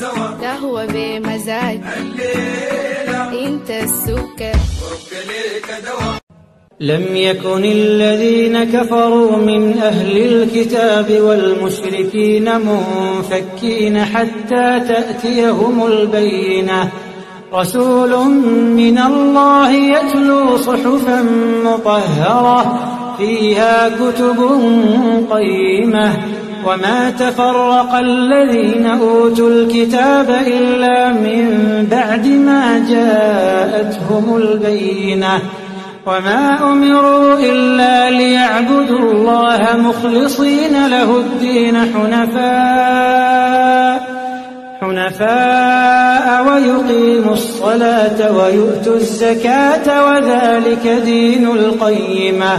سوا قهوة بمزاج الليلة انت السكر ليك دوا لم يكن الذين كفروا من أهل الكتاب والمشركين منفكين حتى تأتيهم البينة رسول من الله يتلو صحفا مطهرة فيها كتب قيمة وما تفرق الذين أوتوا الكتاب إلا من بعد ما جاءتهم البينة وما أمروا إلا ليعبدوا الله مخلصين له الدين حنفاء حنفاء ويقيموا الصلاة ويؤتوا الزكاة وذلك دين القيمة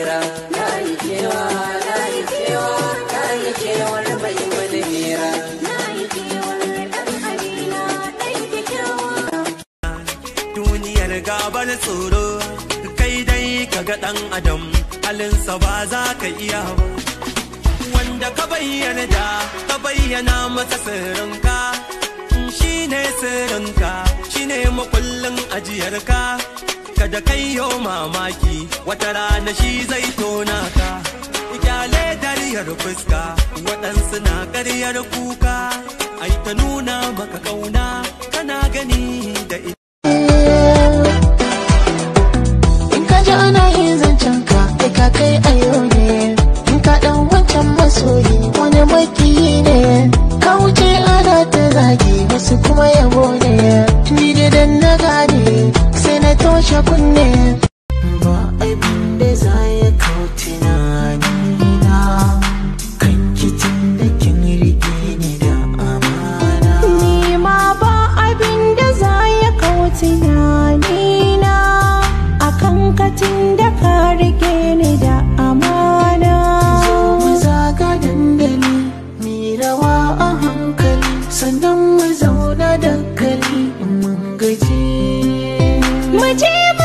hira na yi na yi na yi duniyar gabar tsoro kai dai ka ga ɗan adam halinsa ba za ka iya ba wanda ka bayyana da ka bayyana masa sirrinka shi ne sirrinka shi ne makullin ajiyarka ka da kai yo mamaki wata rana shi zai tona ka kyale dariyar fuska waɗansu na karyar kuka ai ta nuna maka kauna tunanina a katin da ka rike ni da amana mu zaga dandali mi rawa a hankali sannan mu zauna dankali mun gaji mu